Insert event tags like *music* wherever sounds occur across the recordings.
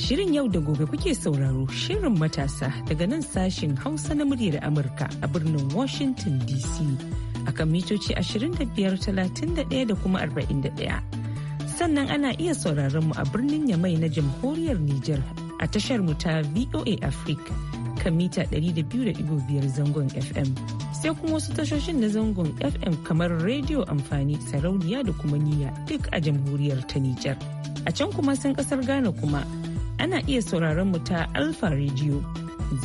Shirin yau da gobe kuke sauraro shirin matasa daga nan sashin Hausa na muryar Amurka a birnin Washington DC a kan mitoci 25,31 da kuma 41. Sannan ana iya sauraron mu a birnin Yamai na jamhuriyar Nijar a tashar mu ta VOA Africa kan mita 200.5 zangon FM. Sai kuma wasu tashoshin na zangon FM kamar rediyo amfani sarauniya da kuma niyya duk a jamhuriyar ta Nijar. A can kuma sun kasar Ghana kuma ana iya sauraron mu ta Alfa Radio.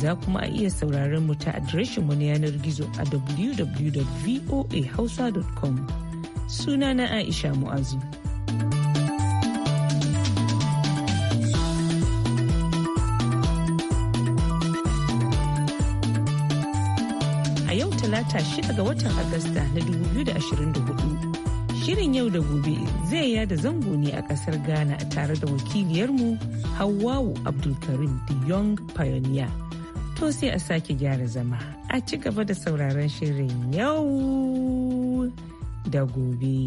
Za kuma a iya sauraron mu ta adireshin mu na yanar gizo a www.voahausa.com. na Aisha Mu'azu. a yau talata 6 ga watan Agusta na 2024 Shirin yau da gobe zai yada zango ne a kasar Ghana tare da wakiliyarmu Hawwawu Abdulkarim the Young Pioneer. To sai a sake gyara zama a ci gaba da sauraron shirin yau da gobe.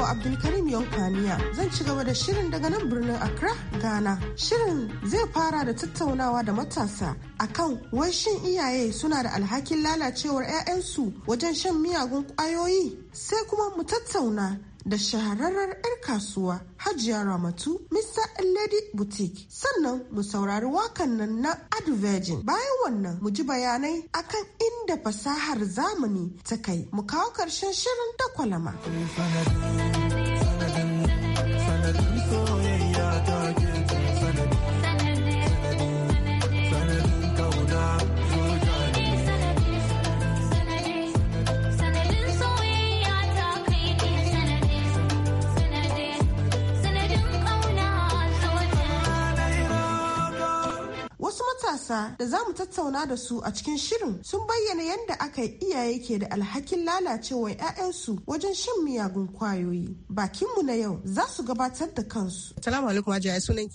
Hawa Abdulkarim Yonkaniya zan ci gaba da shirin daga nan birnin Accra, Ghana. Shirin zai fara da tattaunawa da matasa akan wai shin iyaye suna da alhakin lalacewar 'ya'yansu wajen shan miyagun ƙwayoyi sai kuma mu tattauna da shahararren 'yar kasuwa Hajiya Ramatu Mr. Lady Boutique sannan mu saurari wakan nan na Advergin bayan wannan mu ji bayanai akan inda fasahar zamani ta kai mu kawo karshen shirin da kwalama. matasa da za mu tattauna da su a cikin shirin sun bayyana yadda aka iyaye ke da alhakin lalacewar 'ya'yansu wajen shan miyagun kwayoyi. Bakinmu na yau za su gabatar da kansu. Salamu alaikum Hajiya sunan.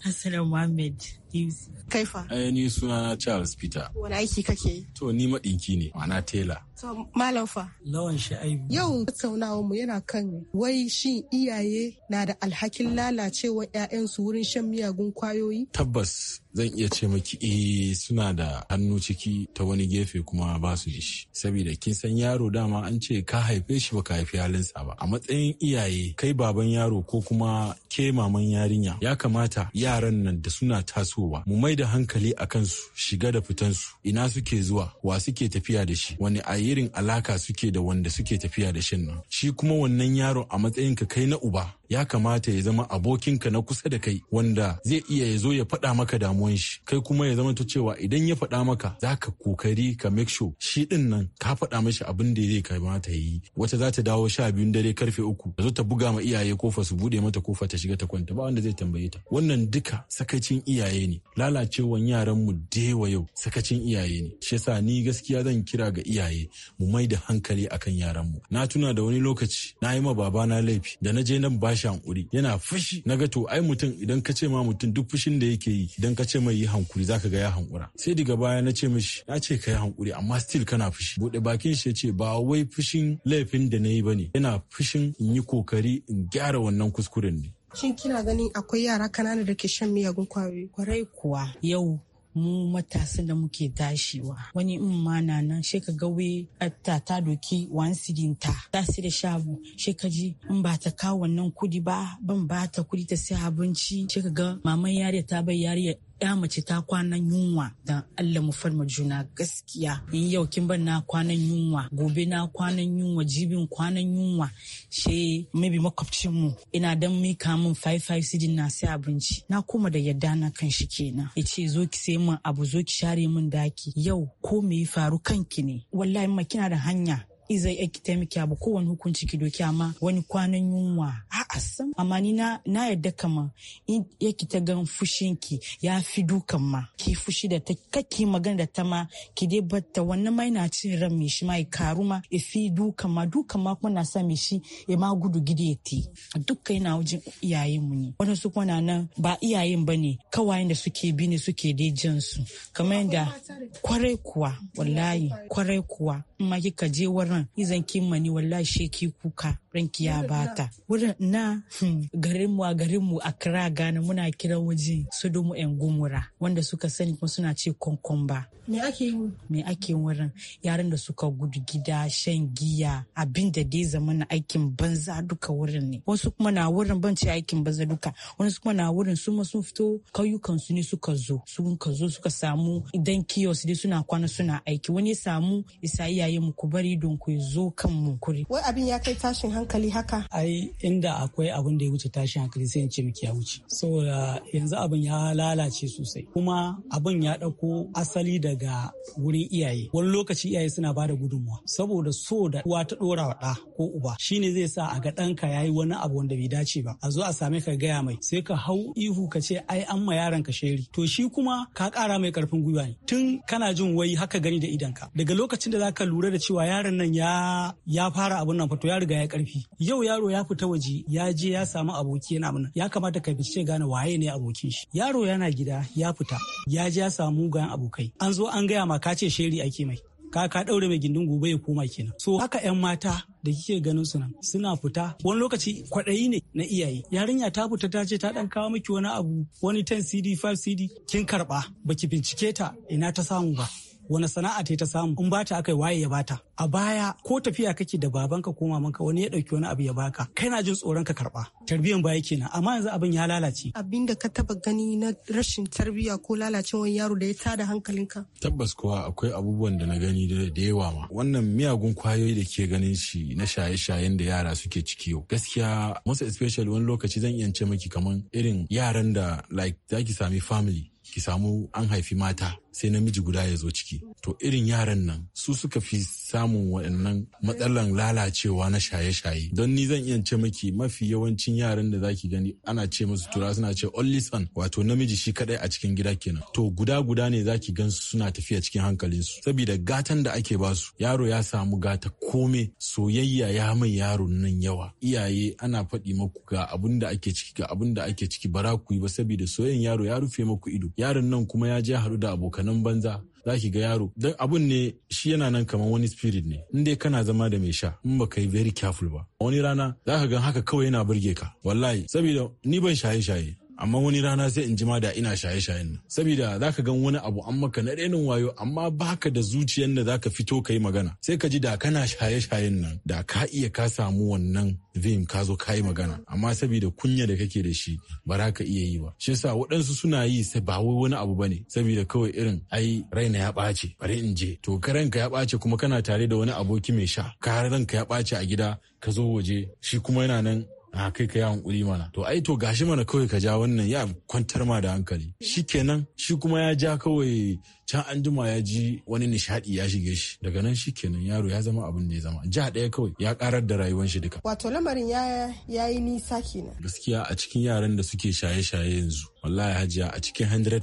Kaifa. Eh ni suna Charles Peter. Wani aiki kake? To ni maɗinki ne, ana tela. To malam fa. Lawan Sha'ibu. Yau tattaunawar mu yana kan wai shin iyaye na da alhakin lalacewa 'ya'yansu wurin shan miyagun kwayoyi? Tabbas zan iya ce maki eh suna da hannu ciki ta wani gefe kuma ba su da shi saboda kin san yaro dama an ce ka haife shi baka haifi halinsa ba a matsayin iyaye kai baban yaro ko kuma ke maman yarinya ya kamata yaran nan da suna tasowa mu mai da hankali a kansu shiga da fitansu ina suke zuwa wa suke tafiya da shi wani a alaka suke da wanda suke tafiya da shin nan shi kuma wannan yaro a matsayin ka kai na uba ya kamata ya zama abokinka na kusa da kai wanda zai iya ya zo ya faɗa maka damuwan shi kai kuma ya zama ta cewa idan ya faɗa maka za ka kokari ka make sure shi ɗin nan ka faɗa mashi abin da zai kamata ya yi wata za ta dawo sha biyun dare karfe uku ta zo ta buga ma iyaye kofa su buɗe mata kofa ta shiga ta kwanta ba wanda zai tambaye ta wannan duka sakacin iyaye ne lalacewan yaran mu dewa yau sakacin iyaye ne shi yasa ni gaskiya zan kira ga iyaye mu mai da hankali akan yaran mu na tuna da wani lokaci na yi ma babana laifi da na je nan ba bashi hankuri yana fushi na ga to ai mutum idan ka ce ma mutum duk fushin da yake yi idan ka ce mai yi hankuri zaka ga ya hankura sai daga baya na ce mishi na ce ka yi hankuri amma still kana fushi bude bakin shi ya ce ba wai fushin laifin da na yi ba ne yana fushin in yi kokari in gyara wannan kuskuren ne Shin kina ganin akwai yara kanana da ke shan miyagun kwayoyi? Kwarai kuwa yau mu matasan da muke tashiwa wani in ma na nan shi ka ga we ta ta doki wan sidinta ta da shabu shi ka ji in ba ta kawo wannan kudi ba ban ba ta kudi ta sai abinci shi ka ga maman yariya ta bai yariya ya mace ta kwanan yunwa Dan Allah mu farma juna gaskiya in yau kin ban na kwanan yunwa gobe na kwanan yunwa jibin kwanan yunwa she maybe makwabcin mu ina dan mika min 55 sidin na sai abinci na koma da yadda na kan shi kenan yace zo ki sai mun abu zo ki share mun daki yau ko me ya faru kanki ne wallahi ma kina da hanya izai aiki taimaki ba kowane hukunci ki doki amma wani kwanan yunwa a asan amma ni na yadda kama in yaki ta gan fushin ki ya fi dukan ma ki fushi da ta kake magana da ta ma ki dai batta wannan mai na cin ran mai shi ma karu ma ya fi dukan ma dukan ma kuma na sa mai shi ya ma gudu gidi ya ti duka yana wajen iyayen mu ne wani su kwana nan ba iyayen ba ne kawayen da suke bi ne suke dai jansu kamar yadda kwarai kuwa wallahi kwarai kuwa ma kika je wurin izan kimma ni wallahi she ki kuka ranki ya bata wurin na hmm, garin mu a garin mu a kira Ghana muna kiran waje dumu en Gumura wanda suka sani kuma suna ce konkomba me ake yi me ake wurin yaran da suka gudu gida shan giya abin da dai zaman aikin banza duka wurin ne wasu kuma na wurin ban ce aikin banza duka wasu kuma na wurin su ma sun fito kauyukan su ne suka zo sun ka zo suka samu idan kiyos dai suna kwana suna aiki wani ya samu isaiya mu ku bari don ku zo kan mu kuri. Wai abin ya kai tashin hankali haka? Ai inda akwai abin da ya wuce tashin hankali sai in ce miki ya wuce. Saboda yanzu abin ya lalace sosai kuma abin ya ɗauko asali daga wurin iyaye. Wani lokaci iyaye suna ba da gudunmuwa saboda so da uwa ta ɗora wa ɗa ko uba shine zai sa a ga ɗanka ya yi wani abu wanda bai dace ba. A zo a same ka gaya mai sai ka hau ihu ka ce ai an ma yaron ka sheri. To shi kuma ka ƙara mai karfin gwiwa ne. Tun kana jin wai haka gani da idanka. Daga lokacin da za ka lura da cewa yaron nan ya ya fara abun nan fato ya riga ya karfi yau yaro ya fita waje ya je ya samu aboki yana mana ya kamata ka bincike gane waye ne abokin shi yaro yana gida ya fita ya je ya samu gayan abokai an zo an gaya ma ka sheri ake mai ka ka daure mai gindin gobe ya koma kenan so haka yan mata da kike ganin su nan suna fita wani lokaci kwaɗayi ne na iyaye yarinya ta fita ta ce ta dan kawo miki wani abu wani 10 cd 5 cd kin karba baki bincike ta ina ta samu ba wani sana'a ta ta samu in bata aka waye ya bata a baya ko tafiya kake da babanka ko mamanka wani ya dauki wani abu ya baka kai na jin tsoron ka karba tarbiyan baya kenan amma yanzu abin ya lalace abin da ka taba gani na rashin tarbiya ko wani yaro da ya tada hankalinka tabbas kuwa akwai abubuwan da na gani da yawa ma wannan miyagun kwayoyi da ke ganin shi na shaye-shayen da yara suke ciki yau gaskiya musa especially wani lokaci zan iya ce maki kaman irin yaran da like zaki sami family ki samu an haifi mata sai namiji guda ya zo ciki to irin yaran nan su suka fi samun waɗannan matsalan lalacewa na shaye-shaye don ni zan iya ce maki mafi yawancin yaran da zaki gani ana ce musu tura suna ce only son wato namiji shi kaɗai a cikin gida kenan to guda guda ne zaki gan su suna tafiya cikin hankalinsu saboda gatan da ake basu yaro ya samu gata kome soyayya ya mai yaro nan yawa iyaye ana faɗi maku ga abun da ake ciki ga abun da ake ciki bara ku yi ba saboda soyayyan yaro ya rufe maku ido yaron nan kuma ya je haɗu da abokan nan banza za ki ga yaro don abun ne shi yana nan kamar wani spirit ne inda dai kana zama da mai sha in ba ka yi very careful ba wani rana za ka gan haka kawai yana burge ka wallahi saboda ni ban shaye shaye amma wani rana sai in ji ma da ina shaye-shayen nan saboda zaka gan wani abu an maka na renin wayo amma ba baka da zuciyar da za ka fito kai magana sai ka ji da kana shaye-shayen nan da ka iya ka samu wannan vim ka zo ka yi magana amma saboda kunya da kake da shi ba za ka iya yi ba shi yasa waɗansu suna yi sai ba wai wani abu bane saboda kawai irin ai raina ya ɓace bari in je to ka ranka ya ɓace kuma kana tare da wani aboki mai sha ka ranka ya ɓace a gida ka zo waje shi kuma yana nan a kai ka yi hankuri mana to ai to gashi mana kawai ka ja wannan ya kwantar ma da hankali shikenan shi kuma ya ja kawai can an jima ya ji wani nishadi ya shige shi daga nan shi kenan yaro ya zama abin da ya zama jiha ɗaya kawai ya karar da rayuwar shi duka wato lamarin ya ya yi nisa kenan gaskiya a cikin yaran da suke shaye-shaye yanzu wallahi hajiya a cikin 100%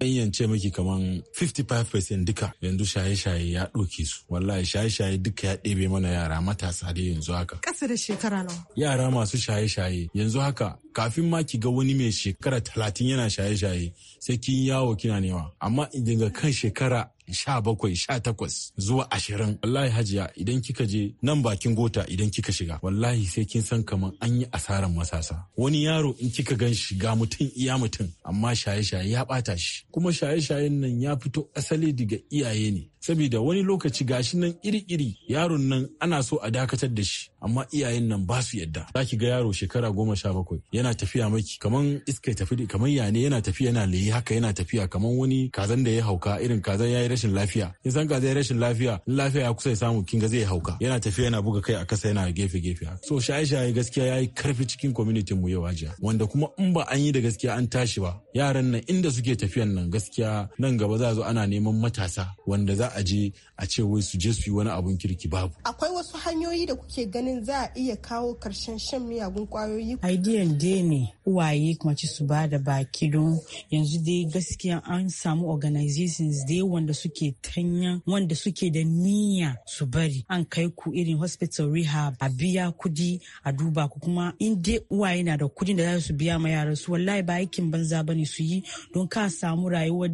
ɗan yance maki kaman 55% duka yanzu shaye-shaye ya ɗauke su wallahi shaye-shaye duka ya ɗebe mana yara matasa da yanzu haka ƙasa da shekara nawa yara masu shaye-shaye yanzu haka kafin ma ki ga wani mai shekara talatin yana shaye-shaye sai kin yawo kina nema amma daga kan shekara sha bakwai sha takwas zuwa ashirin wallahi hajiya idan kika je nan bakin gota idan kika shiga wallahi sai kin san kamar an yi asaran masasa wani yaro in kika gan shi ga mutum iya mutum amma shaye-shaye ya bata shi kuma shaye-shayen nan ya fito asali daga iyaye ne saboda wani lokaci gashi nan iri-iri yaron nan ana so a dakatar da shi amma iyayen nan ba su yadda za ga yaro shekara goma sha bakwai yana tafiya maki kaman iska tafi kaman yane yana tafiya yana layi haka yana tafiya Kamar wani kazan da ya hauka irin kazan ya yi rashin lafiya in san ga zai rashin lafiya lafiya ya kusa ya samu ga zai hauka yana tafiya yana buga kai a kasa yana gefe gefe so shaye shaye gaskiya yayi karfi cikin community mu yau ajiya wanda kuma in ba an yi da gaskiya an tashi ba yaran nan inda suke tafiyan nan gaskiya nan gaba za zo ana neman matasa wanda za a je a ce wai su je su yi wani abun kirki babu. Akwai wasu hanyoyi da kuke ganin za a iya kawo karshen shan miyagun kwayoyi? Aidiyan dai ne uwaye ci su ba da baki don yanzu dai gaskiya an samu organizations dai wanda suke tanya wanda suke da niyya su bari an kai ku irin hospital rehab a biya kudi a duba ku kuma in dai uwaye na da kudin da za su biya ma yaran su wallahi ba aikin banza ne su yi don ka samu rayuwar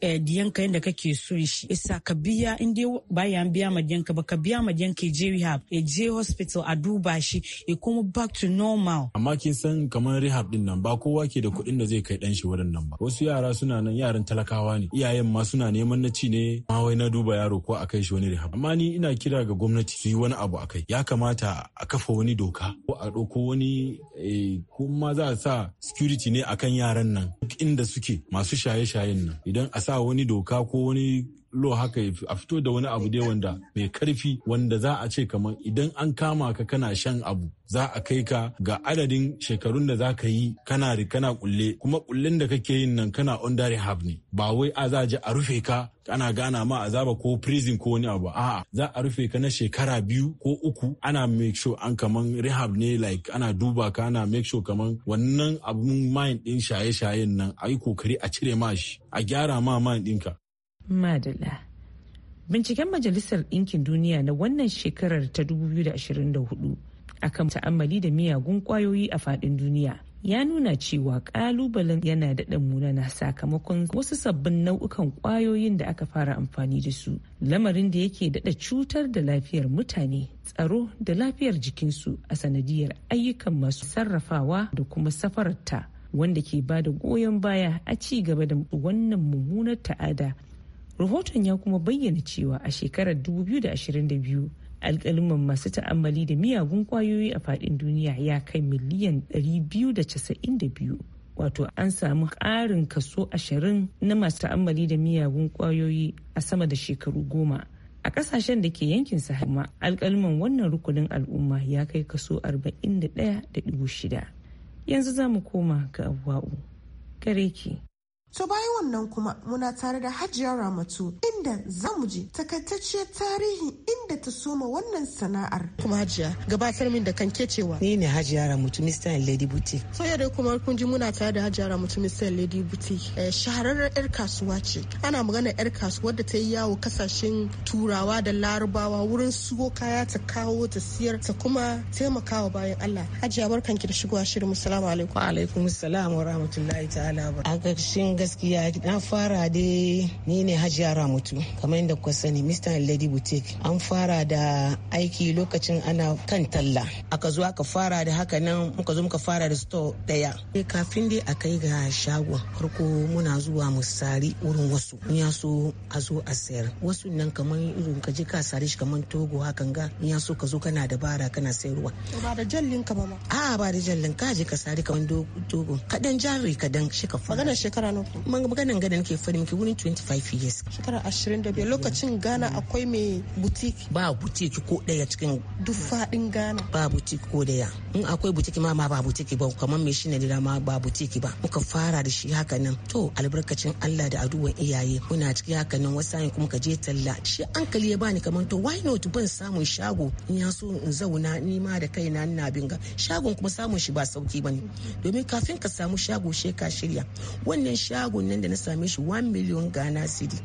eh, yanka yadda kake so shi isa ka biya in dai ba ya biya majanka ba ka biya majanka je rehab ya je hospital a duba shi ya kuma back to normal amma kin san kamar rehab din nan ba kowa ke da kuɗin da zai kai dan shi wurin nan ba wasu yara suna nan yaran talakawa ne iyayen ma suna neman na ci ne ma wai na duba yaro ko a kai shi wani rehab amma ni ina kira ga gwamnati su yi wani abu a kai ya kamata a kafa wani doka ko a ɗauko wani eh, kuma za a sa security ne akan yaran nan duk inda suke masu shaye-shayen nan idan a sa wani doka ko wani lo haka ya fi a fito da wani abu dai wanda mai karfi wanda za a ce kamar idan an kama ka kana shan abu za a kai ka ga adadin shekarun da za ka yi kana kana kulle kuma kullen da kake yin nan kana under rehab ne ba wai a za a rufe ka ana gana ma azaba ko prison ko wani abu a'a za a rufe ka na shekara biyu ko uku ana make sure an kaman rehab ne like ana duba ka ana make sure kaman wannan abun mind din shaye-shayen nan a yi kokari a cire ma shi a gyara ma mind ɗinka Madala. Binciken Majalisar Ɗinkin Duniya na wannan shekarar ta 2024 akan ta'ammali da miyagun ƙwayoyi a faɗin duniya ya nuna cewa ƙalubalen yana daɗa na sakamakon wasu sabbin nau'ukan ƙwayoyin da aka fara amfani da su lamarin da yake daɗa cutar da lafiyar mutane tsaro da lafiyar jikinsu a sanadiyar ayyukan masu sarrafawa da kuma safararta wanda ke ba da goyon baya a ci gaba da wannan mummunar ta'ada rahoton ya kuma bayyana cewa a shekarar 2022 alkaliman masu ta'ammali da miyagun kwayoyi a fadin duniya ya kai miliyan 292 wato an samu ƙarin kaso 20 na masu ta'ammali da miyagun kwayoyi a sama da shekaru goma a kasashen da ke yankin sahama alkaliman wannan rukunin al'umma ya kai kaso 41.6 yanzu za mu koma ga abuwa'u gare ki To bayan wannan kuma muna tare da Hajiya Ramatu inda za mu ji takaitacciyar tarihi inda ta soma wannan sana'ar. Kuma Hajiya gabatar min da kanke cewa. Ni ne Hajiya Ramatu Mr. Lady Boutique. So yadda kuma kun muna tare da Hajiya Ramatu Mr. Lady Boutique. Eh, shahararren yar kasuwa ce. Ana magana yar kasuwar da ta yi yawo kasashen Turawa da Larabawa wurin suwo kaya ta kawo ta siyar ta kuma taimakawa bayan Allah. Hajiya barkanki da shigowa shirin. Assalamu alaikum. Wa alaikum assalam wa rahmatullahi ta'ala. A gaskiya na fara dai ni ne hajiya ramutu kamar yadda kuka sani mr lady boutique an fara da aiki lokacin ana kan talla aka zo aka fara da haka nan muka zo muka fara da store daya kafin dai a kai ga shagon farko muna zuwa mu sari wurin wasu in ya so a zo a sayar wasu nan kamar irin ka ji ka sare shi kamar togo hakan ga in ya so ka zo kana dabara kana sayarwa ba da jallin ka ba ma a ba da jallin ka je ka sari kamar togo kadan jari kadan shi ka fara magana shekara nawa maganin gada nake fadi miki wurin 25 years shekara 25 lokacin gana akwai mai boutique ba boutique ko daya cikin duk fadin gana ba boutique ko daya in akwai boutique ma ma ba boutique ba kamar mai shine da ma ba boutique ba muka fara da shi haka nan to albarkacin Allah da addu'an iyaye muna ciki haka nan wasu kuma ka je talla shi hankali ya bani kamar to why not ban samun shago in ya so in zauna ni ma da kaina ina binga shagon kuma samun shi ba sauki bane domin kafin ka samu shago she shirya wannan shago shagon nan da na same shi 1 million ghana cedi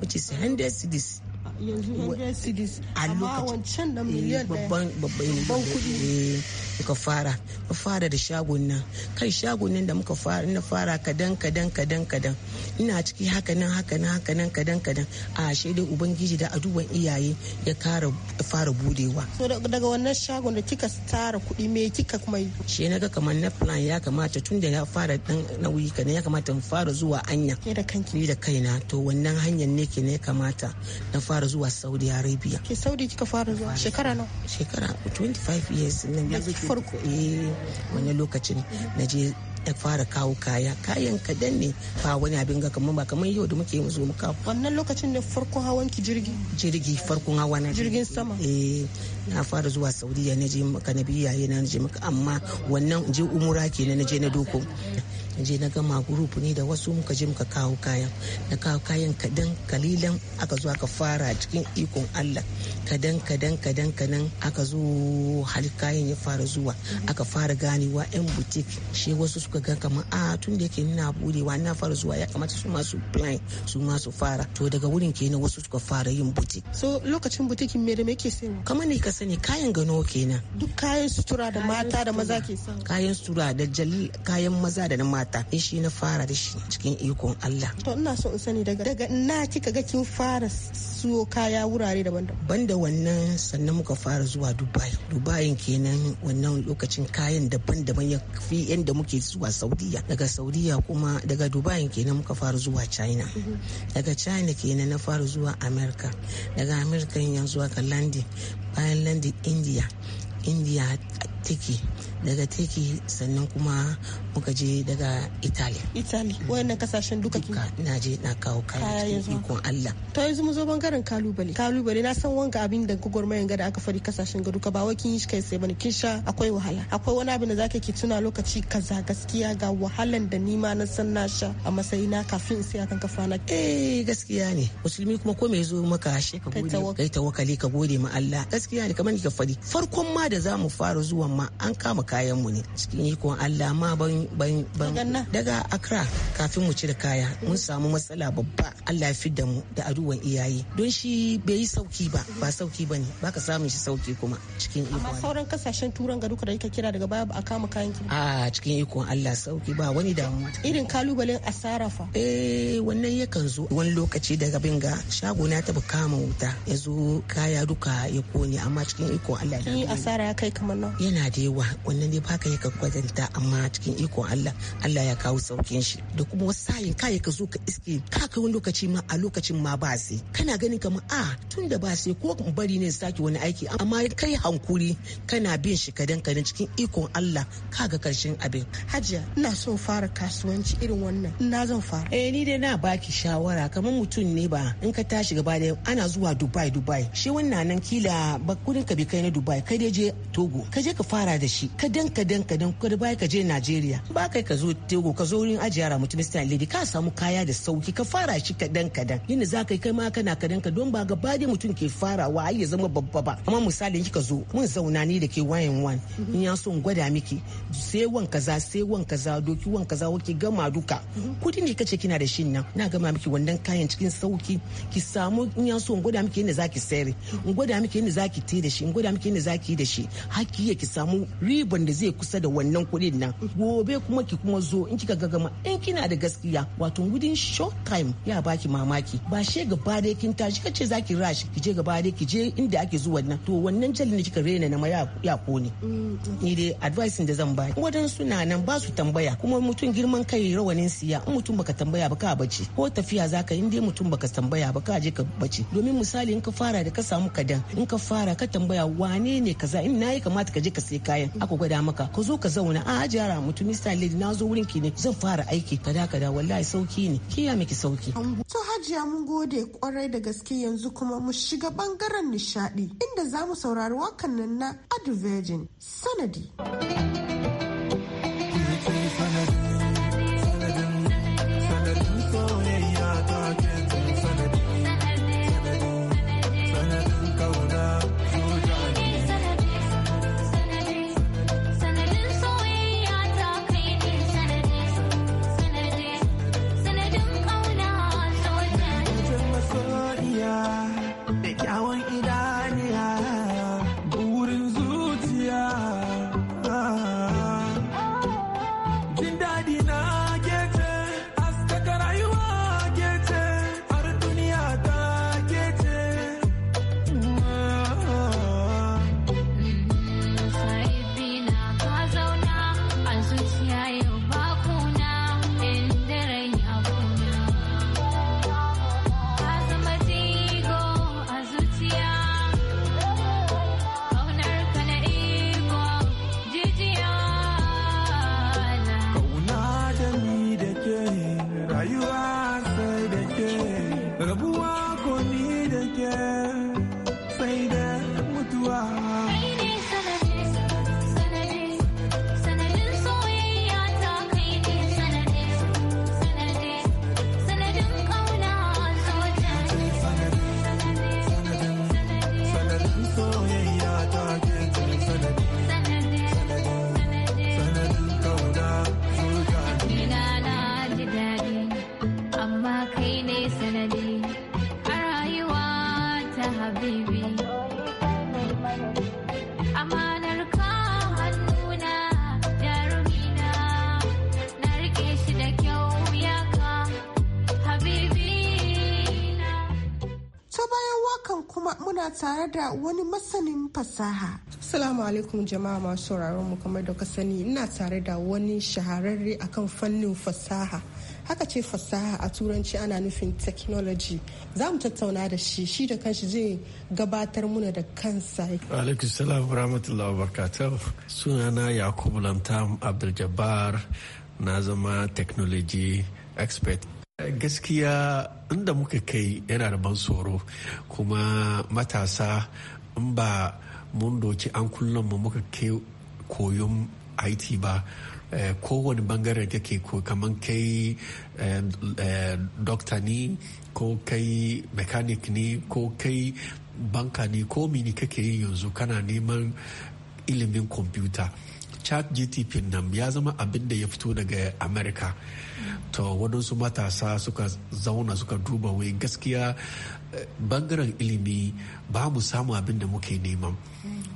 which is 100 cedis yanzu 100 cedis amma wancan da eh, miliyan babban babban kudi muka fara muka fara da shagon nan kai shagon nan da muka fara na fara kadan kadan kadan kadan ina ciki haka nan haka nan haka nan kadan kadan a shaidai ubangiji da aduban iyaye ya kara fara budewa daga wannan shagon da kika tara kuɗi me kika kuma yi shi na ga kamar na plan ya kamata tun da ya fara dan nauyi kana ya kamata mu fara zuwa anya ni da kanki ni da kaina to wannan hanyar ne ke ne kamata na fara fara zuwa saudi arabia ke saudi kika fara zuwa shekara nawa shekara 25 years na farko eh wani lokacin mhm. na je ya fara kawo kaya kayan kadan ne ba wani abin ga kamar ba kamar yau da muke zo muka wannan lokacin ne farkon hawan ki jirgi jirgi farkon hawa na jirgin sama eh na fara zuwa saudiya na je maka na yana na je maka amma wannan je umura kenan na je na doko na je na gama gurup ne da wasu muka je muka kawo kayan na kawo kayan kadan kalilan aka zo aka fara cikin ikon allah kadan kadan kadan kadan aka zo hali kayan ya fara zuwa aka fara ganewa yan butik shi wasu suka ga kamar a tun da yake nuna budewa na fara zuwa ya kamata su masu plan su masu fara to daga wurin kenan wasu suka fara yin butik so lokacin butikin me da me ke sayarwa kamar ne ka sani kayan gano kenan duk kayan sutura da mata da maza ke sayo kayan sutura da kayan maza da na mata mata in shi na fara da shi cikin ikon Allah to ina so in sani daga daga ina kika ga kin fara siyo kaya wurare daban-daban banda wannan sannan muka fara zuwa Dubai Dubai kenan wannan lokacin kayan daban-daban ya fi yanda muke zuwa Saudiya daga Saudiya kuma daga Dubai kenan muka fara zuwa China mm-hmm. daga China kenan na fara zuwa America daga America yanzu zuwa landi. bayan landi India India take daga turkey sannan kuma muka je daga italy italy mm. wayannan kasashen duka duka na je na kawo kayan ikon allah to yanzu mu zo bangaren kalubale kalubale na san wanga abin da gwagwarmayan gada aka fari kasashen gado. Ka ba wai kin yi kai sai bane kin sha akwai wahala akwai wani abin da zaka ki tuna lokaci kaza gaskiya ga wahalan da ni ma na san na sha a matsayi na kafin sai akan kafa na eh gaskiya ne musulmi kuma ko me zo maka shi ka gode kai tawakali ka gode ma Allah gaskiya ne kamar ni ka fari farkon ma da zamu fara zuwan ma an kama ka kayan mu ne cikin ikon Allah ma ban ban daga Accra kafin mu cire kaya mun samu matsala babba Allah ya da mu da aduwan iyaye don shi bai yi sauki ba ba sauki ba ne ba ka samun shi sauki kuma cikin ikon amma sauran kasashen turan garuka da kika kira daga baya ba a kama kayan ki a cikin ikon Allah sauki ba wani damuwa irin kalubalen asara fa eh wannan yakan zo wani lokaci daga binga shago na taba kama wuta yazo kaya duka ya kone amma cikin ikon Allah da asara ya kai kamar nan yana da yawa wannan ne baka ka kwatanta amma cikin ikon Allah Allah ya kawo saukin shi da kuma wasu sayin kai ka zo ka iske ka kai wani lokaci ma a lokacin ma ba sai kana ganin kamar a ah, tun da ba sai ko bari ne sake wani aiki amma kai hankuri kana bin shi kadan kadan cikin ikon Allah ka ga karshen abin hajiya ina so fara kasuwanci irin wannan ina zan fara eh ni dai na baki shawara kamar mutum ne ba in ka tashi gaba da ana zuwa Dubai Dubai shi wannan nan kila ba kudin ka bi kai na Dubai kai dai je Togo ka je ka fara da shi kadan kadan kadan kada baya ka je Najeriya ba kai ka zo Tego ka zo wurin ajiya mutum Mr. Lady ka samu kaya da sauki ka fara shi kadan kadan yin za ka kai ma kana kadan ka don ba gaba dai mutum ke farawa ai ya zama babba ba amma misalin kika zo mun zauna ni da ke wayan wan in ya so in gwada miki sai wan kaza sai wan kaza doki wan kaza wake gama duka kudi ne kace kina da shin nan na gama miki wannan kayan cikin sauki ki samu in ya so in gwada miki yadda zaki sayar in gwada miki yadda zaki te da shi in gwada miki yadda zaki yi da shi haki ya ki samu riba riban da zai kusa da wannan kuɗin nan gobe kuma ki kuma zo in kika gagama in kina da gaskiya wato gudun short time ya baki mamaki ba she gaba dai kin tashi kace zaki rush ki je gaba dai ki je inda ake zuwa nan to wannan jalli da kika rena na maya ya kone ni dai advice da zan baki wadan suna nan ba su tambaya kuma mutum girman kai rawanin siya in mutum baka tambaya ba ka bace ko tafiya zaka in dai mutum baka tambaya ba ka je ka bace domin misali in ka fara da ka samu kadan in ka fara ka tambaya wane ne kaza in nayi kamata ka je ka sai kayan akwai gwada maka ka zo ka zauna a hajiyara mutum mista lady na zo wurin ki ne zan fara aiki kada kada wallahi sauki ne ki ya miki sauki. to hajiya mun gode kwarai da gaske yanzu kuma mu shiga bangaren nishadi inda zamu saurari wakan nan na adu virgin sanadi. فايدة فايدة متوعدة tare da wani masanin fasaha. Salamu alaikum jama'a masu sauraron mu kamar da ka sani ina tare da wani shahararre akan fannin fasaha. Haka ce fasaha a turanci ana nufin technology. Za mu tattauna da shi shi da kanshi zai gabatar muna da kansa. Alaikum salam rahmatullahi wa barakatuh. Sunana Yakubu Lantam Abdul Jabbar na zama technology expert gaskiya inda muka kai yana da ban tsoro kuma matasa in ba mun doki an kullum mu muka ke koyon it ba eh, kowane bangare kake ko kamar kai eh, eh, dokta ne ko kai mechanic ne ko kai banka ne ko mini kake yi yanzu kana neman ilimin kwamfuta chat gtp nan ya zama abin da ya fito daga amerika to waɗansu matasa suka zauna suka duba wai gaskiya eh, bangaren ilimi ba mu samu abin da muke neman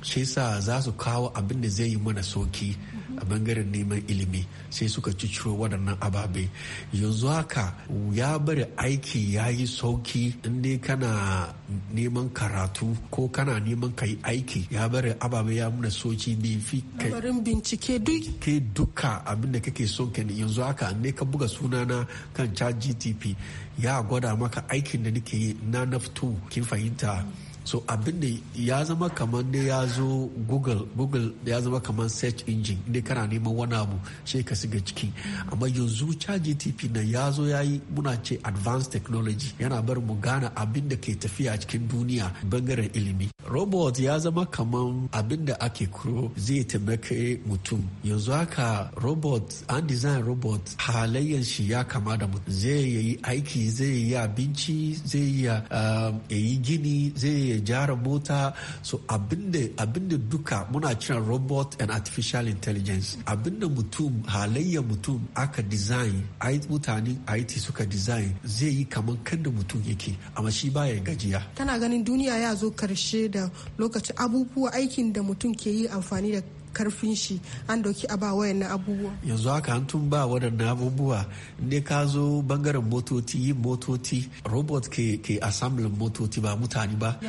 shi yasa za su kawo abin da zai yi mana soki a bangaren neman ilimi sai suka ciciro waɗannan ababe yanzu haka ya bari aiki ya yi sauki inda kana neman karatu ko kana neman ka yi aiki ya bari ababe ya muna sauki ne fi barin bincike duka duka abinda kake son ka ne yanzu haka ne ka buga sunana kan chat gtp ya gwada maka aikin da nake na naftu kin fahimta so abin da ya zama kamar ne ya zo google google ya zama kamar search engine ne kana neman wani abu sai ka siga ciki amma yanzu gtp na ya zo ya yi muna ce advanced technology yana bar mu gane abin da ke tafiya cikin duniya bangaren ilimi robot ya zama kamar abin da ake kuro zai taimaka mutum yanzu haka robot an design robot halayyar shi ya kama da mutum zai yi aiki zai yi abinci zai yi um, gini zai gyara mota so abinda duka muna kiran robot and artificial intelligence abinda mutum halayya mutum aka design yi mutane IT suka design zai yi kamar kanda mutum yake amma shi baya gajiya tana ganin duniya ya zo karshe da lokacin abubuwa aikin da mutum ke yi amfani da karfin shi an dauki a ba wayannan abubuwa yanzu haka an tun ba waɗannan abubuwa ne ka zo bangaren motoci yin motoci robot ke ke assemblin motoci ba mutane ba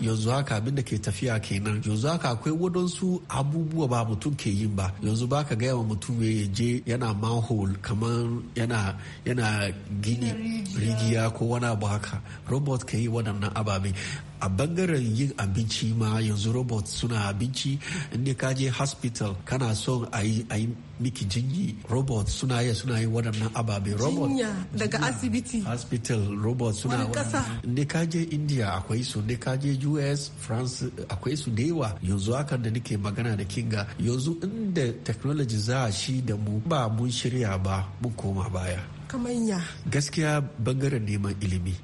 yanzu haka abin ke tafiya kenan yanzu haka akwai wadansu abubuwa ba mutum ke yin ba yanzu ba ka gaya wa mutum ya je yana manhole kamar yana yana gini rigiya ko wani abu haka robot ke yi waɗannan ababe a bangaren yin abinci ma yanzu robot suna abinci inda ka je hospital kana son a yi miki jinyi robot suna yi suna yi waɗannan ababe robot jinya daga asibiti hospital robot suna inda ka je india akwai su inda ka je us france akwai su da yawa yanzu hakan da nake magana da kinga yanzu inda technology za a shi da mu ba mun shirya ba mun koma baya manya? Gaskiya bangaren neman ilimi.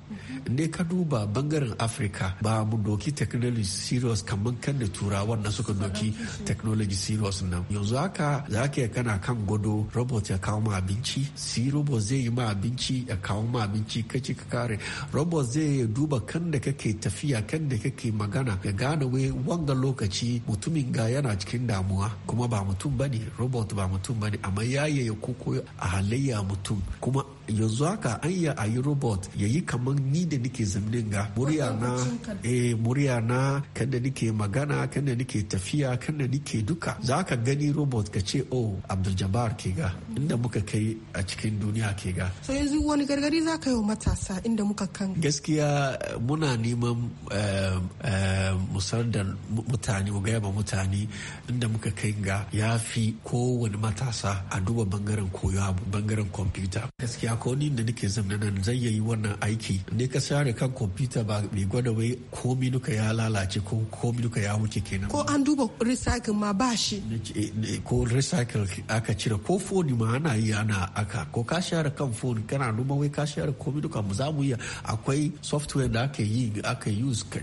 Ne ka duba bangaren Afirka ba mu doki technology serious kamar kan da turawa na suka doki technology serious nan. Yanzu haka za ka kana kan gado robot ya kawo ma abinci, si robot zai yi ma abinci ya kawo ma abinci kaci ka kare. Robot zai duba kan da kake tafiya kan da kake magana ka gane wai wanga lokaci mutumin ga yana cikin damuwa kuma ba mutum bane robot ba mutum bane amma yaye ya koko a halayya mutum kuma what yanzu haka an yi a yi robot ya yi kamar ni da nike zamanin ga murya na eh murya na kan da nike magana kan da nike tafiya kan da nike duka za ka gani robot ka ce oh abdul jabbar ke ga inda muka kai a cikin duniya ke ga so yanzu wani gargari za ka yi wa matasa inda muka kan gaskiya muna neman eh, eh, musar da mutane mu gaya mutane inda muka kai ga ya fi kowane matasa a duba bangaren koyo bangaren kwamfuta gaskiya Ko wani da nake zamna nan zai yi wannan aiki ne ka share kan kwamfuta ba bai gwada wai komi duka ya lalace ko komi duka ya wuce kenan ko an duba recycle ma ba shi eh, ko recycle aka cire ko foni ma ana yi ana aka ko ka share kan foni kana duba wai ka share komi duka mu za mu akwai software da aka yi aka use ka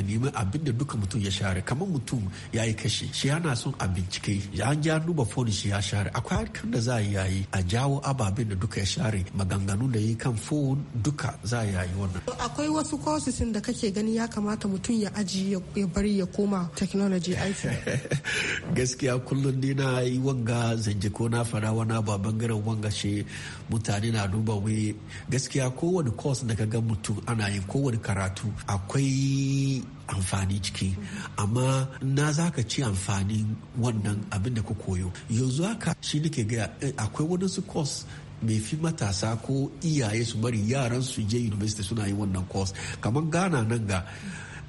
nemi abin da duka mutum ya share kamar mutum ya yi kashi shi yana son a bincike ya an ya duba foni shi ya share akwai harkar da za a yi a jawo ababen da duka ya share maganganu da ya yi kan fon duka za a yayi wannan. Akwai wasu courses da kake gani ya kamata mutum ya aji ya bari ya koma technology aiki. *laughs* Gaskiya kullum ni na yi wanga zanje ko na fara wana ba bangaren wanga shi mutane na duba wai gaskiya kowane course da ka ga mutum ana yin kowane karatu akwai amfani ciki amma na za ka ci amfani wannan abin da ka koyo yanzu haka shi nake gaya eh, akwai wadansu course bai fi matasa ko iyaye su bari yaran su je university suna yi wannan kwas kamar ghana nan ga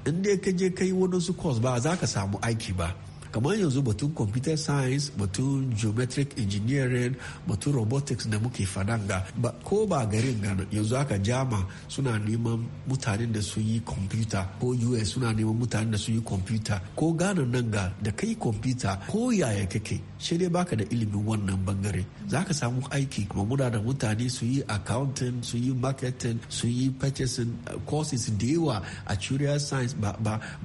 in dai ka je kai wani su course ba za ka samu aiki ba kamar yanzu batun computer science batun geometric engineering batun robotics da muke fadan ga ko ba garin ga yanzu aka jama suna neman mutanen da su yi computer ko us suna neman mutanen da su yi computer ko gana nan ga da kai computer ko yaya kake shi dai baka da ilimin wannan bangare za ka samu aiki kuma muna da mutane su yi accounting su yi marketing su yi purchasing uh, courses da yawa a curious science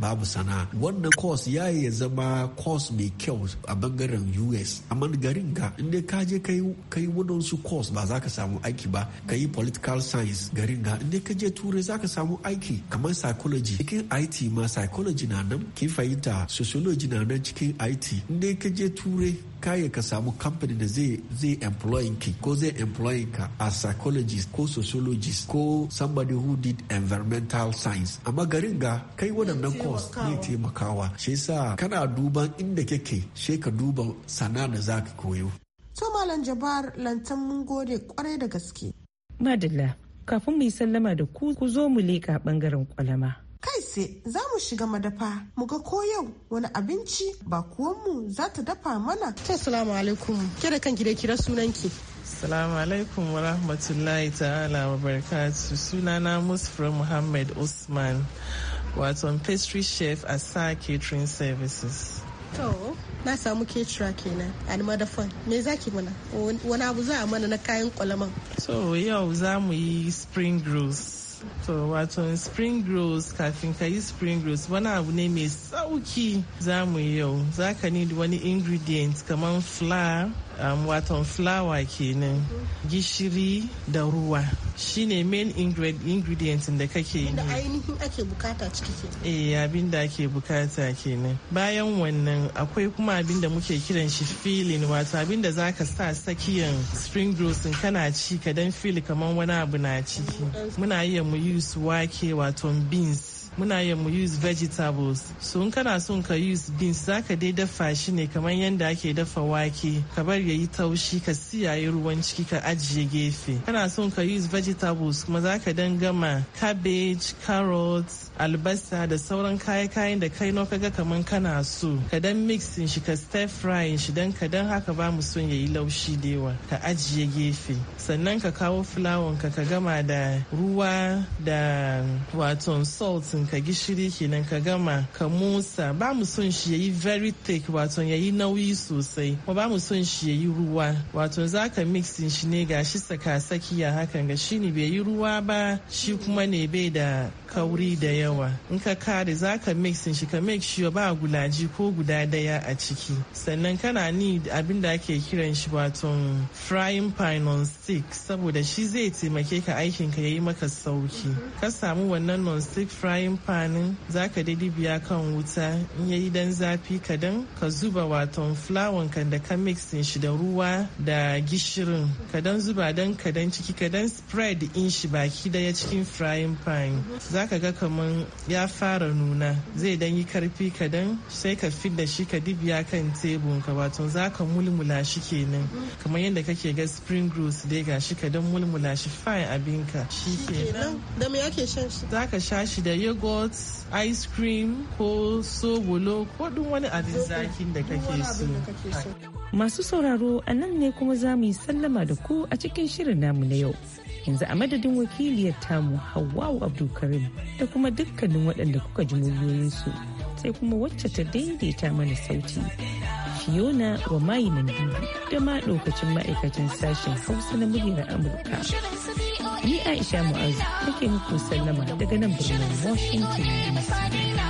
babu sana'a wannan course ya ya zama course mai kyau a bangaren us amma garin ka inda ka je ka yi wadansu course ba za ka samu aiki ba ka yi political science garin ka inda ka je turai za ka samu aiki kamar psychology cikin it ma psychology na nan kin fahimta sociology na nan cikin it inda ka je turai kaya ka samu kamfani da zai zai employing ki ko zai employing ka a psychologist ko sociologist ko somebody who did environmental science amma garin ga kai waɗannan course ne taimakawa shi yasa kana duban inda kake sai ka duba sana da za ka koyo to malam jabar lantan mun gode kwarai da gaske madalla kafin mu yi sallama da ku ku zo mu leƙa bangaren kwalama kai sai za mu shiga madafa mu ga ko yau wani abinci ba kuwanmu za ta dafa mana. Ta salamu alaikum ke da kanki da kira sunanki. Salamu alaikum wa rahmatullahi ta'ala wa barakatu sunana Musfra Muhammad Usman wato pastry chef a sa catering services. To, na samu ketura kenan a madafan me za ki mana wani abu za a mana na kayan kwalaman. So yau za mu yi spring rolls. So what's on spring rolls kafin Can you spring rolls One abu ne is sauki za mu need one ingredient on, flour um, watan fulawa kenan gishiri da ruwa shine main ingredient da kake yi ainihin ake bukata ciki eh abin da ake bukata kenan bayan wannan akwai kuma abin da muke kiran shi filin wato abin da zaka sa sakiyan spring rolls kana ci ka dan feel kamar wani abu na ciki muna iya mu yi wake wato beans muna yin mu use vegetables so in kana son ka use beans zaka dai dafa shi ne kamar yadda ake dafa wake ka bar yayi taushi ka siyaye ruwan ciki ka ajiye gefe kana son ka use vegetables kuma zaka dan gama cabbage carrots albasa da sauran kayan da kai no kaga kamar kana so ka dan mixin shi ka stir frying shi dan ka dan haka ba mu son yayi laushi da yawa ka ajiye gefe sannan ka kawo fulawan ka ka gama da ruwa da waton salt ka gishiri kenan ka gama ka musa ba mu son shi yayi very thick wato yayi nauyi sosai kuma ba mu son shi yayi ruwa wato zaka mixin shi ne gashi saka sakiya hakan ga ne bai yi ruwa ba shi kuma ne bai da kauri da yawa in ka kare za ka mixin shi ka make shi ba gulaji ko guda daya a ciki sannan kana ni abin da ake kiran shi wato frying pan on stick saboda shi zai taimake ka aikin ka yayi maka sauki ka samu wannan non stick frying pan za ka biya kan wuta in yayi dan zafi kadan ka zuba wato flawan ka da ka mixin shi da ruwa da gishirin kadan zuba dan kadan ciki kadan spread in shi baki daya cikin frying pan za ka ga kaman ya fara nuna zai dan yi karfi kadan sai ka fi da shi ka dibiya kan tebun ka wato za ka mulmula shi kenan kamar yadda kake ga spring rolls dai ga shi ka dan mulmula shi fine abinka shi kenan da me yake shan shi za ka sha shi da yogurt ice cream ko sobolo ko duk wani abin zakin da kake so Masu sauraro a nan ne kuma za mu yi sallama da ku a cikin shirin namu na yau. Yanzu a madadin wakiliyar tamu Hawwa'u Abdulkarim da kuma dukkanin waɗanda kuka ji su sai kuma wacce ta daidaita mana sauti. Fiona wa mai nan da ma ɗaukacin ma'aikacin sashen Hausa na muryar Amurka. Ni Aisha Mu'azu take muku sallama daga nan birnin Washington DC.